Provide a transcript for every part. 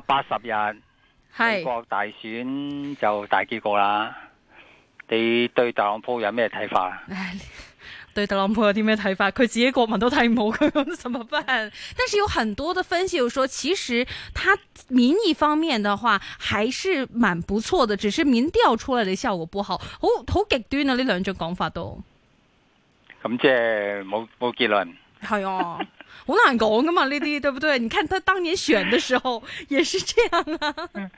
八十日，係美國大選就大結局啦。你對特朗普有咩睇法？ 對特朗普有啲咩睇法？佢自己國民都睇唔好佢，咁怎麼辦？但是有很多嘅分析，又說其實他民意方面的話，還是蠻不錯的，只是民調出來的效果不好。好好極端啊！呢兩種講法都咁即係冇冇結論。係哦。好難講噶嘛呢啲，對唔對？你看他當年選嘅時候也是這樣啊。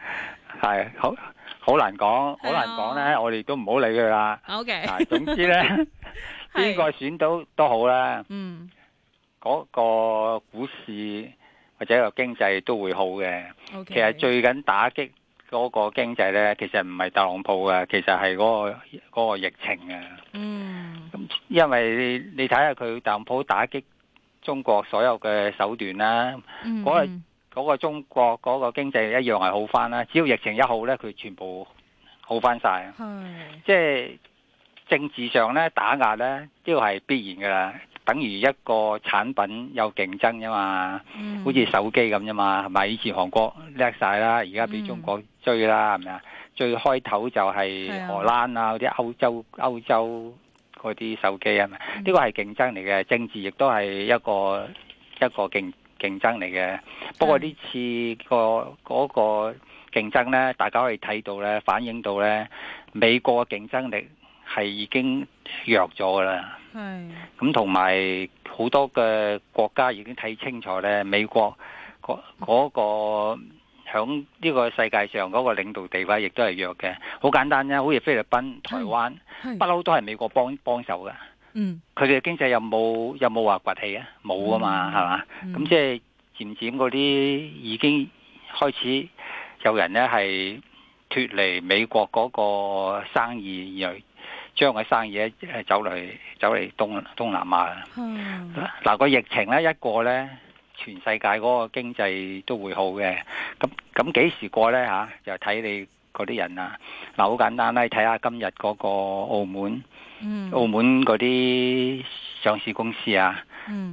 係，好好難講，好難講咧。我哋都唔好理佢啦。O K。總之咧，邊個選到都好啦。嗯。嗰個股市或者個經濟都會好嘅。O K。其實最緊打擊嗰個經濟咧，其實唔係特朗普啊，其實係嗰個嗰個疫情啊。嗯。咁，因為你你睇下佢特朗普打擊。中國所有嘅手段啦，嗰、嗯、嗰個嗰個中國嗰個經濟一樣係好翻啦。只要疫情一好咧，佢全部好翻晒。是即係政治上咧打壓咧，都係必然噶啦。等於一個產品有競爭啊嘛，好似、嗯、手機咁啫嘛。咪以前韓國叻晒啦，而家俾中國追啦，係咪啊？最開頭就係荷蘭啊，嗰啲歐洲歐洲。歐洲嗰啲手機啊嘛，呢個係競爭嚟嘅，政治亦都係一個一個競競爭嚟嘅。不過呢次個嗰個競爭咧，大家可以睇到呢，反映到呢美國嘅競爭力係已經弱咗啦。係咁是，同埋好多嘅國家已經睇清楚呢美國嗰、嗰、嗰個。響呢個世界上嗰個領導地位亦都係弱嘅，好簡單啫。好似菲律賓、台灣，不嬲都係美國幫幫手㗎。嗯，佢哋經濟有冇有冇話崛起啊？冇啊嘛，係嘛、嗯。咁即係漸漸嗰啲已經開始有人咧係脫離美國嗰個生意，而將個生意咧走嚟走嚟東東南亞啦。嗱、嗯、個疫情咧一過咧，全世界嗰個經濟都會好嘅，咁咁幾時過咧嚇？就睇你嗰啲人啊，嗱好簡單咧，你睇下今日嗰個澳門，澳門嗰啲上市公司啊，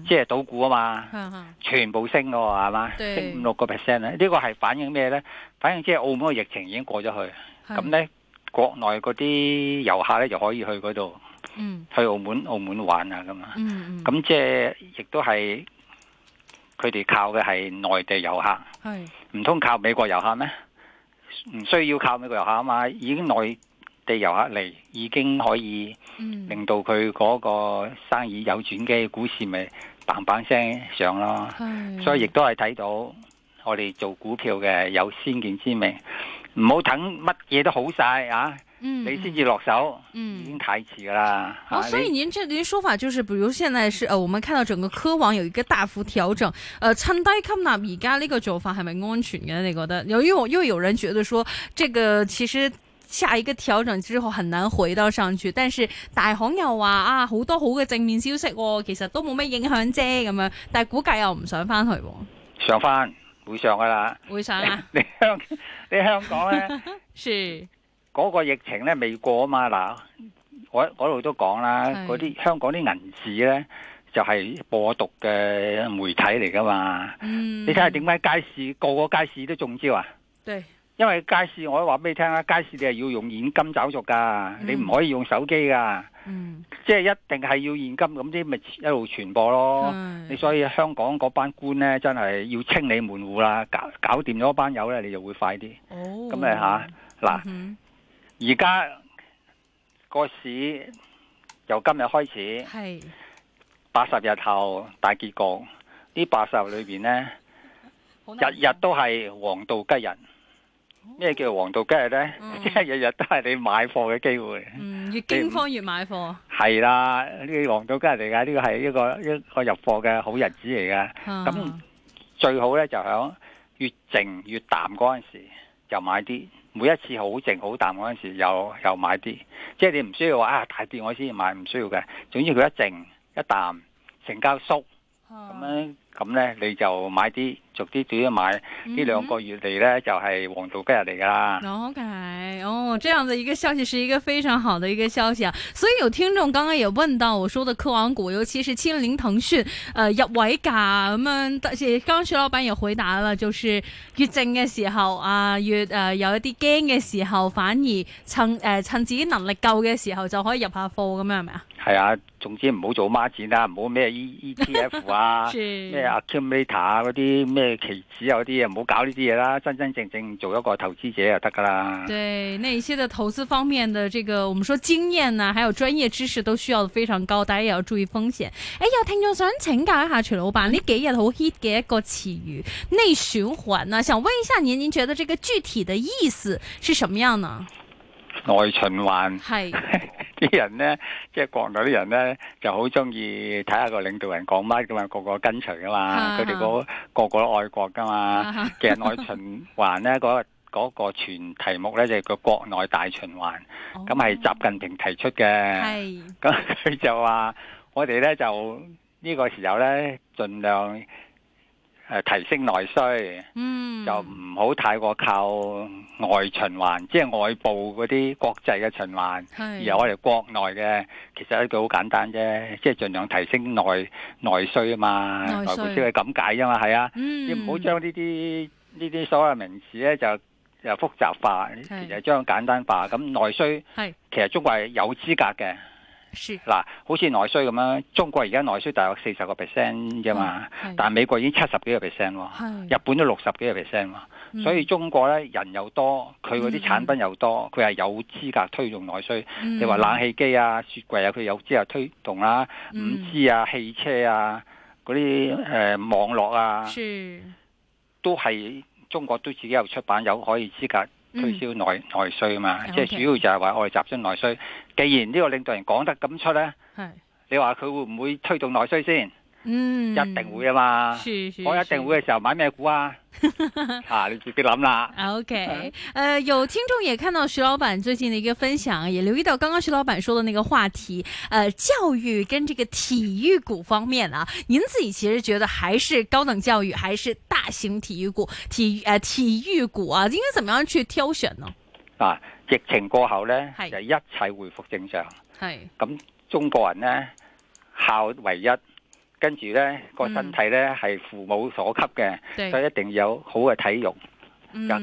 即係賭股啊嘛，全部升嘅喎，係嘛，升五六個 percent 咧。呢個係反映咩咧？反映即係澳門嘅疫情已經過咗去，咁咧國內嗰啲遊客咧就可以去嗰度，去澳門澳門玩啊咁啊，咁即係亦都係。佢哋靠嘅係內地遊客，唔通是靠美國遊客咩？唔需要靠美國遊客啊嘛，已經內地遊客嚟已經可以令到佢嗰個生意有轉機，股市咪棒棒聲上咯。是所以亦都係睇到我哋做股票嘅有先見之明，唔好等乜嘢都好晒啊！嗯，你先至落手，嗯，已經太遲㗎喇。哦，啊、所以您這啲說法就是，比如現在是，呃，我們看到整個科網有一個大幅調整，呃，趁低吸納而家呢個做法係咪安全嘅？你覺得？由又因為又有人覺得說，這個其實下一個調整之後很難回到上處，但是大行又話啊，好多好嘅正面消息，哦，其實都冇咩影響啫，咁樣，但係估計又唔想翻去，上翻會上噶啦，會上啦，你香、啊、 你香港咧， 是。嗰個疫情咧未過啊嘛，嗱，我嗰度都講啦，嗰啲是香港啲銀紙咧就係、是、播毒嘅媒體嚟噶嘛，嗯、你睇下點解街市個個街市都中招啊？對，因為街市我話俾你聽啊，街市你係要用現金找續㗎，嗯、你唔可以用手機㗎，嗯、即係一定係要現金，咁啲咪一路傳播咯。你、嗯、所以香港嗰班官咧真係要清理門戶啦，搞搞掂咗班友咧，你就會快啲。咁咪嚇嗱。而家、個市由今日開始，八十是日後大結局。呢八十日裏邊咧， 名日日都係黃道吉日。咩叫黃道吉日咧？即係、嗯、日日都係你買貨嘅機會。嗯、越驚慌越買貨。係啦， 呢個黃道吉日嚟噶，呢個係一個 一個入貨嘅好日子嚟噶。咁、嗯、最好咧就響越靜越淡嗰陣時。又買啲，每一次好靜好淡嗰陣時又，又又買啲，即係你唔需要啊話啊大跌我先買，唔需要嘅。總之佢一靜一淡，成交縮咁、啊、樣。咁咧，你就買啲，逐啲逐啲買。呢兩個月嚟咧，mm hmm. 就係黃道吉日嚟噶啦。OK，哦，這樣子一個消息是一個非常好的一個消息啊！所以有聽眾剛剛也問到，我說的科網股，尤其是七零零騰訊，呃，入位價，而、嗯、且剛才老闆又回答啦，就是越靜嘅時候啊，越誒、呃、有一啲驚嘅時候，反而趁誒、呃、趁自己能力夠嘅時候就可以入下貨咁樣是是，係咪啊？係啊，總之唔好做孖展啦，唔好咩 E E T F 啊， 阿 calculator 啊嗰啲咩棋子啊嗰啲嘢，唔好搞呢啲嘢啦，真真正正做一個投資者就得噶啦。對，那些嘅投資方面的這個，我們說經驗啊，還有專業知識都需要非常高，大家也要注意風險。誒、欸，有聽眾想請教一下，徐老闆呢幾日好 hit 嘅一個詞語“內循環”啊。想問一下您，您覺得這個具體的意思是什麼樣呢？內循環係。 啲人咧，即係國內啲人咧，就好中意睇下個領導人講乜咁啊，個,個個跟隨啊嘛，佢哋 個,個個都愛國噶嘛。其實內循環咧，嗰、嗰、嗰、個嗰個全題目咧就係個國內大循環，咁係 習近平提出嘅。咁佢 就話：我哋咧就呢個時候咧，盡量。誒提升內需，嗯、就唔好太過靠外循環，即係外部嗰啲國際嘅循環，是而我哋國內嘅其實一句好簡單啫，即係盡量提升內內需啊嘛，內，需內部消費咁解啫嘛，係啊，嗯、你要唔好將啲啲呢啲所謂名詞咧就就複雜化。是其實將簡單化，咁內需是其實中國係有資格嘅。嗱是，好似內需咁啦，中國而家內需大約四十個 percent 啫嘛，嗯、但係美國已經七十幾個 percent 喎，日本都六十幾個 percent 喎，是所以中國咧人又多，佢嗰啲產品又多，佢係、嗯、有資格推動內需。嗯、你話冷氣機啊、雪櫃啊，佢有資格推動啦、啊，五、嗯、G 啊、汽車啊、嗰啲誒網絡啊，是都係中國都自己有出版有可以資格。嗯、推銷內內需嘛，Okay. 即係主要就係話我哋集中內需。既然呢個領導人講得咁出咧，的你話佢會唔會推動內需先？嗯，一定會啊嘛，我一定會嘅時候買咩股啊？吓、 啊、你自己諗啦。OK，誒、呃，有聽眾也看到徐老闆最近的一個分享，也留意到剛剛徐老闆說的那個話題，誒、呃，教育跟這個體育股方面啊，您自己其實覺得還是高等教育，還是大型體育股、體誒、呃、體育股啊，應該怎麼樣去挑選呢？啊，疫情過後呢，是就一切恢復正常，係咁是，中國人呢，效唯一。跟住呢個身體呢，係父母所給嘅，所以一定要有好嘅體育。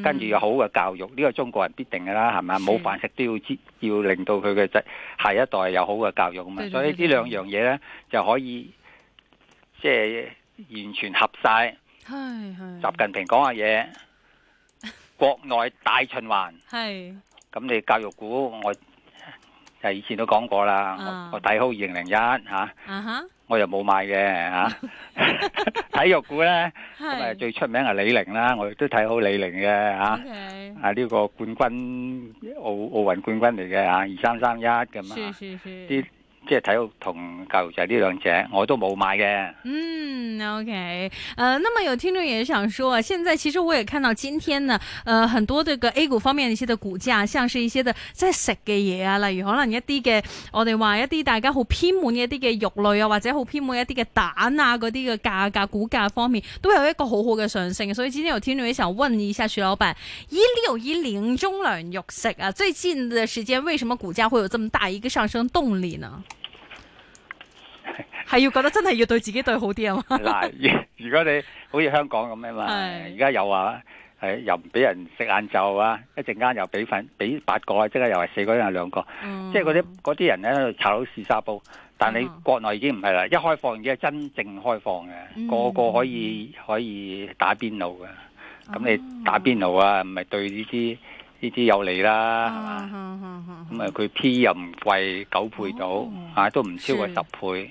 跟住有好嘅教育，呢個中國人必定㗎啦，係咪？冇飯食都要知，要令到佢嘅仔下一代有好嘅教育咁，所以呢兩樣嘢呢，就可以即係完全合晒。係習近平講下嘢，國內大循環。係。咁你教育股，我就以前都講過啦。我睇好二零零一嚇。我又冇買嘅嚇， 體育股咧，咁誒最出名係李寧啦，我亦都睇好李寧嘅嚇，Okay. 啊呢個冠軍奧奧運冠軍嚟嘅嚇，二三三一，咁啊啲。 即係體育同教育就係呢兩者，我都冇買嘅。嗯，OK，誒、uh,，那麼有聽眾也想說，現在其實我也看到今天呢，誒、呃，很多嘅 A 股方面一些的股價，像是一些的即係食嘅嘢啊，例如可能一啲嘅我哋話一啲大家好偏門一啲嘅肉類啊，或者好偏門一啲嘅蛋啊嗰啲嘅價格股價方面，都有一個好好嘅上升。所以今天有聽眾也想問一下徐老闆，一六一零中糧肉食啊，最近嘅時間為什麼股價會有這麼大一個上升動力呢？係要覺得真係要對自己對好啲啊嘛！嗱，如果你好似香港咁啊嘛，而家是的 又話係、哎、又唔俾人食晏晝啊，一陣間又俾份俾八個，即刻又係四個，又兩個，即係嗰啲嗰啲人咧喺度炒到似沙煲。但你國內已經唔係啦，一開放已經係真正開放嘅，嗯、個個可以可以打邊爐嘅。咁你打邊爐啊，唔係對呢啲呢啲有利啦，係嘛、嗯吧？咁啊佢 P 又唔貴，九倍到啊、嗯嗯嗯嗯，都唔超過十倍。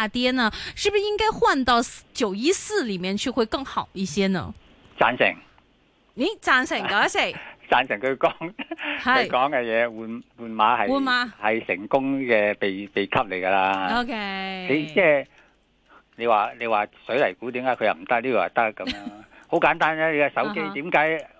大跌呢，是不是應該換到九一四裏面去會更好一些呢？贊成，咦， 贊成個誰？贊成佢講，佢講嘅嘢，換換馬係換馬係成功嘅秘秘笈嚟噶啦。O Okay . K，你即係你話你話水泥股點解佢又唔得呢個又得咁樣？好 簡單啦、啊，你嘅手機點解？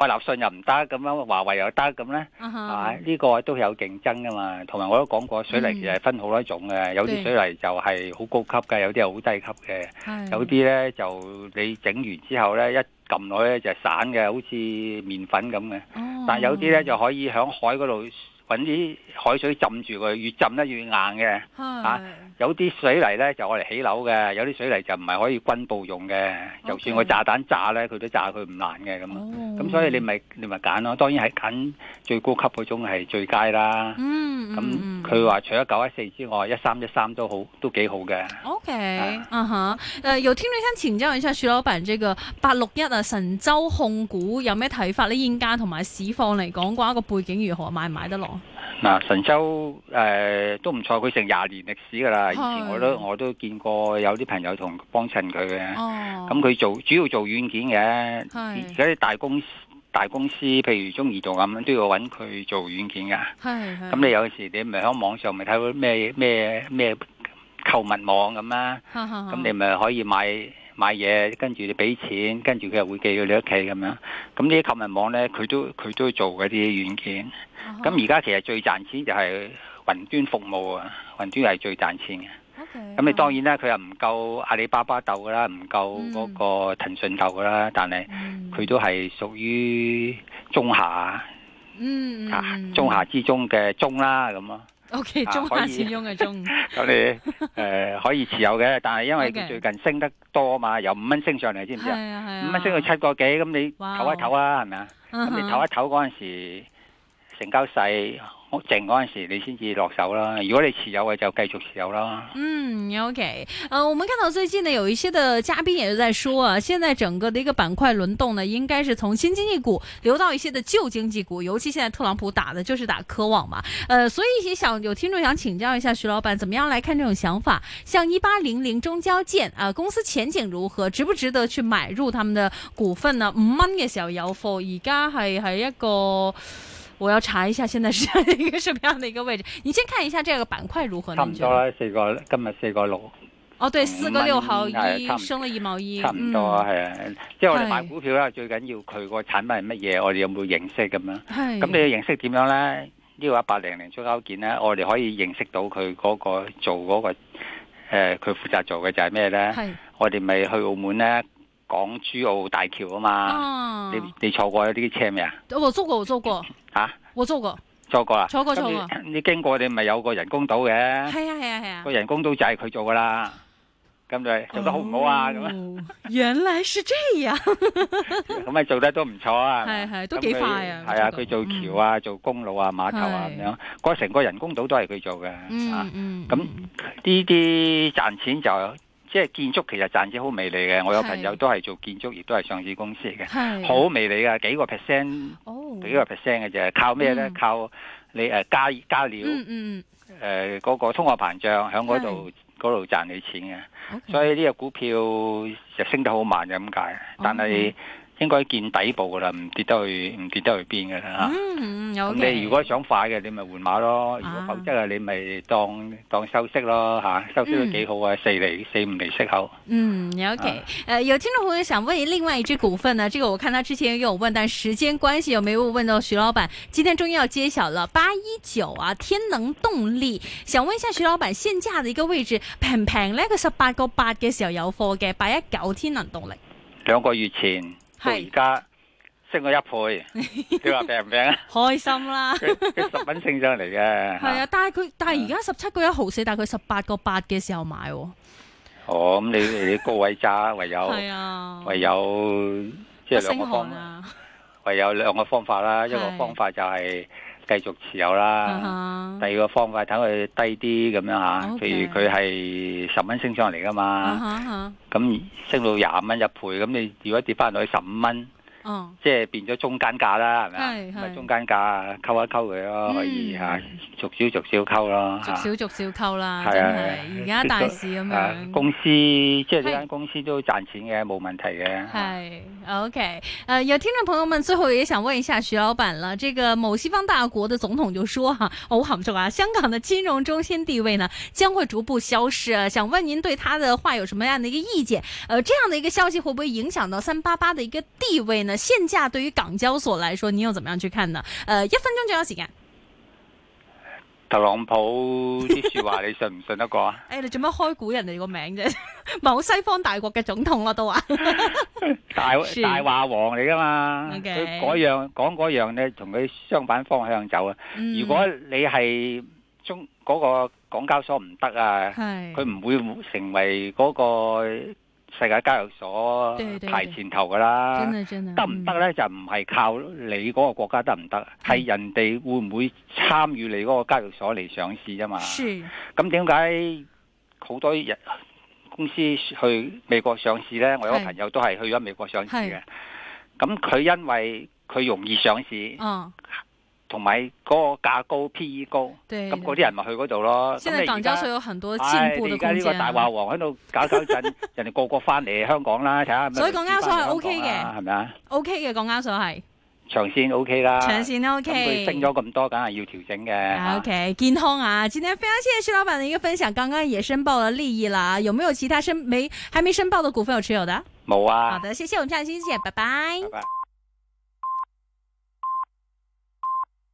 愛立、哦、信又唔得咁樣，華為又得咁咧，uh huh. 啊呢、呢個都有競爭噶嘛。同埋我都講過，水泥其實分好多種嘅，mm hmm. 有啲水泥就係好高級嘅，有啲係好低級嘅，mm hmm. 有啲咧就你整完之後咧一撳落咧就是、散嘅，好似麵粉咁嘅。Uh huh. 但係有啲咧就可以響海嗰度。搵啲海水浸住佢，越浸得越硬嘅。嚇是、啊，有啲水泥咧就我嚟起樓嘅，有啲水泥就唔係可以軍部用嘅。就 Okay. 算我炸彈炸咧，佢都炸佢唔爛嘅咁。咁所以你咪你咪揀咯。當然係揀最高級嗰種係最佳啦。嗯。Mm. 咁佢話除咗九一四之外，一三一三都好都幾好嘅。OK，啊哈，誒有聽者想請教一下徐老闆，這個八六一啊，神州控股有咩睇法？呢現價同埋市況嚟講，嗰一個背景如何買唔買得落？嗱、嗯，神州誒都唔錯，佢成廿年歷史噶啦，是以前我都我都見過有啲朋友同幫襯佢嘅。咁佢、哦嗯、做主要做軟件嘅，而家啲大公司。大公司譬如中移動咁都要搵佢做軟件噶，咁是你有時你咪喺網上咪睇到，咩咩咩購物網咁啦，咁是你咪可以買買嘢，跟住你俾錢，跟住佢又會寄到你屋企咁樣，咁呢啲購物網咧佢都佢都做嗰啲軟件，咁而家其實最賺錢就係雲端服務啊，雲端係最賺錢嘅。咁你、okay, uh huh. 當然啦，佢又唔夠阿里巴巴鬥㗎啦，唔夠嗰個騰訊鬥㗎啦，mm hmm. 但係佢都係屬於中下，嗯、mm hmm. 啊，中下之中嘅中啦咁咯。O Okay , K，、啊、中下之中嘅中。咁你誒可以持有嘅，但係因為佢最近升得多嘛，由五蚊升上嚟，知唔知啊？五蚊 Okay. 升到七個幾，咁 Wow. 你唞一唞啊，係咪啊？咁、uh huh. 你唞一唞嗰陣時，成交細。好靜嗰陣時，你先至落手啦。如果你持有嘅就繼續持有啦。嗯，OK。呃，我們看到最近呢，有一些的嘉賓也是在說啊，現在整個的一個板塊輪動呢，應該是從新經濟股流到一些的舊經濟股，尤其現在特朗普打的就是打科網嘛。呃，所以一些想有聽眾想請教一下徐老闆，怎麼樣來看這種想法？像一八零零中交建啊，呃，公司前景如何？值不值得去買入他們的股份啊？五蚊嘅時候有貨，而家係喺一個。我要查一下，現在是一個什麼樣的一個位置？你先看一下這個板塊如何？差唔多啦，四個今日四個六。哦，對，四個六毫二，升咗二毛一。差唔多係啊。即係我哋買股票啦，最緊要佢個產品係乜嘢，我哋有冇認識咁樣？係。咁你認識點樣咧？呢個一百零零出交件咧，我哋可以認識到佢嗰個做嗰個誒，佢負責做嘅就係咩咧？係。我哋咪去澳門咧，港珠澳大橋啊嘛。哦。你你坐過呢啲車未啊？我租過，我租過。吓，我做過，做過啦，做過做過。你經過你咪有個人工島嘅，係啊係啊係啊，個人工島就係佢做噶啦。咁佢做得好唔好啊？咁原來是這樣。咁咪做得都唔錯啊！係係都幾快啊！係啊，佢做橋啊，做公路啊，碼頭啊咁樣，個成個人工島都係佢做嘅。嗯嗯，咁呢啲賺錢就。即係建築其實賺錢好微利嘅，我有朋友都係做建築，亦都係上市公司嘅，好微利噶，幾個 percent、哦、幾個 percent 嘅啫。靠咩咧？嗯、靠你誒加加料，誒嗰、嗯嗯呃嗰個通貨膨脹喺嗰度度賺你錢嘅。Okay. 所以呢個股票就升得好慢嘅咁解，但係，Okay. 應該見底部噶啦，唔跌得去，唔跌得去邊噶啦嚇。咁、mm, okay. 你如果想快嘅，你咪換馬咯；如果、啊、否則啊，你咪當當收息咯嚇。收息都幾好啊，四厘、mm.、四五厘息口。嗯、mm,，OK、啊。誒，uh, 有聽眾朋友想問另外一支股份呢、啊？這個我看他之前有問，但時間關係有冇有問到徐老闆？今天終於要揭曉了八一九啊，天能動力。想問一下徐老闆現價的一個位置平唔平呢？佢十八個八嘅時候有貨嘅八一九天能動力兩個月前。係而家升咗一倍，你話平唔平啊？開心啦 佢十蚊升上嚟嘅。係 啊，但係佢， 但係而家十七個一毫四，但係佢十八個八嘅時候買。哦，咁你你高位揸，唯有係啊， 唯有即係兩個方法。 唯有兩個方法啦， 一個方法就係、是。繼續持有啦。Uh huh. 第二個方法等佢低啲咁樣嚇，Okay. 譬如佢係十蚊升上嚟㗎嘛，咁、uh huh. 升到廿蚊一倍，咁你如果跌返落去十五蚊。哦，嗯、即係變咗中間價啦，係咪？係，咪中間價啊，溝一溝佢咯，可以吓逐少逐少溝咯，逐少逐少溝啦。係啊，而家少大市咁、啊、樣、啊，公司即係呢間公司都賺錢嘅，冇是問題嘅。係是、啊、，OK。誒、呃，有聽眾朋友們，最後也想問一下徐老闆啦。這個某西方大國的總統就說：哈、啊哦，我講咗啊，香港的金融中心地位呢將會逐步消失。啊。想問您對他的話有什麼樣的一個意見？呃，這樣的一個消息會不會影響到三八八的一個地位呢？限價對於港交所來說，你又怎麼樣去看呢？誒、uh,，一分鐘左右時間？特朗普啲說話你信唔信得過啊？誒、 哎，你做咩開估人哋個名啫？某 西方大國嘅總統我都話， 大是大話王嚟噶嘛？佢嗰 Okay. 樣講嗰樣咧，同佢相反方向走啊！嗯、如果你係中嗰、那個港交所唔得啊，佢唔是會成為嗰、那個。世界交易所排前頭噶啦，得唔得咧就唔係靠你嗰個國家得唔得，係、嗯、人哋會唔會參與你嗰個交易所嚟上市啫嘛。咁點解好多人公司去美國上市咧？我有個朋友都係去咗美國上市嘅。咁佢是因為佢容易上市。嗯同埋嗰個價高 P E 高，咁嗰啲人咪去嗰度咯。現在港交所有很多進步的空間。哎、呢個大話王喺度搞搞震，人哋個個翻嚟香港啦，睇下。 所以港交所係 OK 嘅，係咪啊？OK 嘅港交所係長線 OK 啦，長線 OK，長線 OK。咁佢升咗咁多，梗係要調整嘅，啊。OK，健康啊！今天非常謝謝徐老闆，嘅一個分享，剛剛也申報咗利益啦。有沒有其他申沒，還未申報的股份有持有的？冇啊。好的，謝謝我們下星期見，拜拜。拜拜。